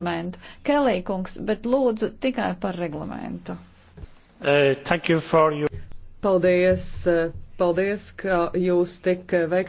reglamentu. Kelīkungs, bet lūdzu tikai par reglamentu. Uh, you Paldies, uh, paldies, ka jūs tik uh, veiksmīgi.